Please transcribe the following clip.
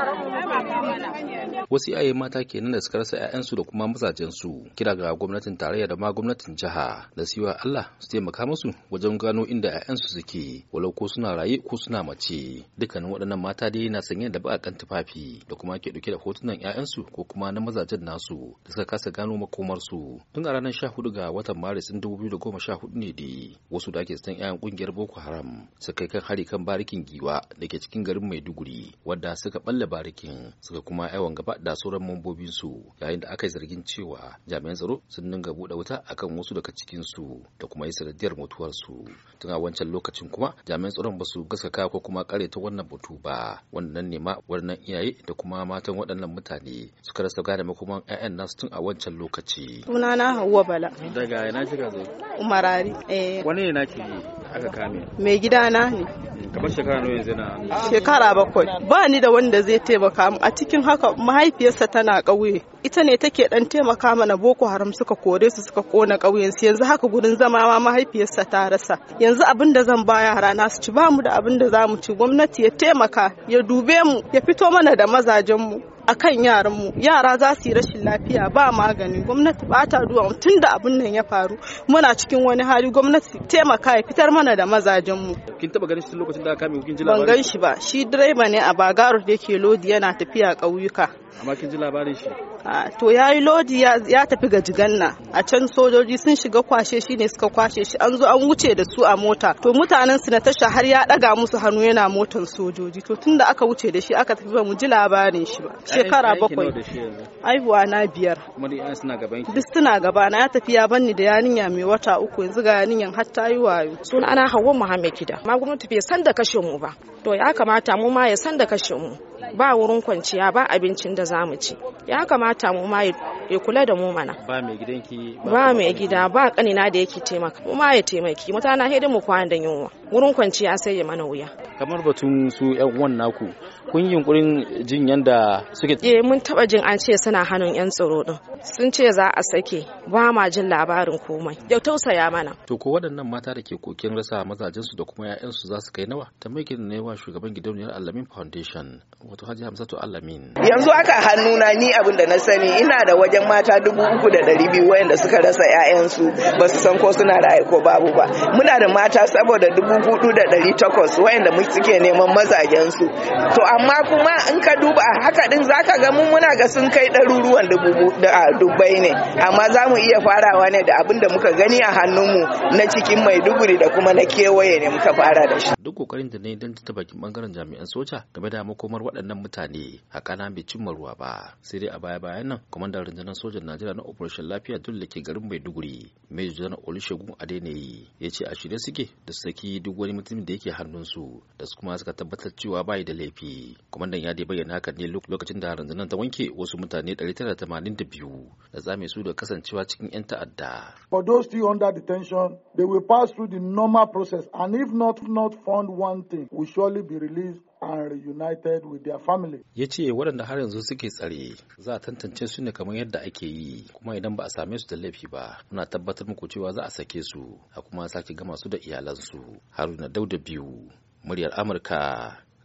Yeah. Wasu iyaye mata kenan da suka rasa 'ya'yansu da kuma mazajensu kira ga gwamnatin tarayya da ma gwamnatin jiha da siwa Allah su taimaka musu wajen gano inda 'ya'yansu suke walau ko suna raye ko suna mace. Dukkanin waɗannan mata dai na sanye da ba kan tufafi da kuma ke ɗauke da hotunan 'ya'yansu ko kuma na mazajen nasu da suka kasa gano makomarsu. Tun a ranar sha hudu ga watan Maris sha hudu ne dai wasu da ake san 'ya'yan ƙungiyar Boko Haram su kai kan hari kan barikin giwa da ke cikin garin Maiduguri wadda suka balle barikin. suka kuma yawan gaba da sauran mambobin su yayin da aka yi zargin cewa jami'an tsaro sun dinga buɗe wuta akan wasu daga cikin su da kuma yi sanadiyar mutuwar su tun a wancan lokacin kuma jami'an tsaron ba su gaskaka ko kuma kare ta wannan batu ba wannan ne ma wannan iyaye da kuma matan waɗannan mutane suka rasa gane makoman 'ya'yan nasu tun a wancan lokaci. Sunana Hauwa Bala. Daga ina kika zo? Umarari. Eh. Wani ne naki? aka kame mai gida na ne kamar shekara nawa yanzu na shekara bakwai ba ni da wanda zai taimaka mu a cikin haka mahaifiyarsa tana ƙauye ita ne take ɗan taimaka mana boko haram suka kore su suka kona ƙauyensu. yanzu haka gurin zama ma mahaifiyarsa ta rasa yanzu abin da zan ba yara na su ci ba mu da abin da za mu ci gwamnati ya taimaka ya dube mu ya fito mana da mazajen mu a kan yaranmu yara za su yi rashin lafiya ba magani gwamnati ba ta duwa tun da abin nan ya faru muna cikin wani hali gwamnati taimaka ya fitar mana da mazajenmu kin taba ganin shi lokacin da aka kame kin ji labarin ban gan shi ba shi direba ne a bagaro da yake lodi yana tafiya ƙauyuka amma kin ji labarin shi to ya lodi ya tafi ga jiganna a can sojoji sun shiga kwashe shi ne suka kwashe shi an zo an wuce da su a mota to mutanen su na tasha har ya daga musu hannu yana motan sojoji to tunda aka wuce da shi aka tafi ba mu ji labarin shi ba shekara bakwai aihuwa na biyar duk suna gaba na ya tafi ya banni da yarinya mai wata uku yanzu ga yarinyan har ta yi wayo suna ana hawan muhammed gida ma gwamnati bai san da kashe mu ba to ya kamata mu ma ya san da kashe mu ba wurin kwanciya ba abincin da za mu ci ya kamata mu ma ya kula da mu mana ba mai gidanki ba mai gida ba kanina da yake taimaka mu ma ya taimaki mutana hidin mu kwana da yunwa wurin kwanciya sai ya mana wuya kamar batun su yan uwan naku kun yi yunkurin jin yanda suke eh mun taba jin an ce suna hannun yan tsaro din sun ce za a sake ba ma jin labarin komai ya tausaya mana to ko waɗannan mata da ke kokin rasa mazajen su da kuma ƴaƴan su za su kai nawa tambayar da ne wa shugaban gidauniyar Alamin Foundation wato Hajji Hamzatu Alamin yanzu aka hannu na ni abin da na sani ina da wajen mata dubu uku da ɗari biyu wayanda suka rasa su ba su san ko suna raye ko babu ba muna da mata saboda dubu hudu da ɗari takwas wayanda muke neman mazajensu to amma kuma in ka duba a haka din zaka ga mun muna ga sun kai ɗaruruwan dubbai ne amma za mu iya farawa ne da abin da muka gani a hannunmu na cikin mai duguri da kuma na kewaye ne muka fara da shi duk kokarin da na yi don ta bakin bangaren jami'an soja game da makomar waɗannan mutane na bai cimma ruwa ba sai dai a baya bayan nan kwamandan rundunar sojan najeriya na operation lafiya dole ke garin maiduguri mai janar olusegun adeneyi ya ce a shirye suke da saki duk wani mutum da yake hannunsu da su kuma suka tabbatar cewa bayi da laifi yaƙi kwamandan ya dai bayyana hakan ne lokacin da rundunar ta wanke wasu mutane 982 da zame su da kasancewa cikin 'yan ta'adda for those still under detention they will pass through the normal process and if not not found one thing will surely be released and reunited with their family. Ya ce waɗanda har yanzu suke tsare za a tantance su ne kamar yadda ake yi kuma idan ba a same su da laifi ba muna tabbatar muku cewa za a sake su a kuma sake gama su da iyalansu. Haruna Dauda biyu muryar Amurka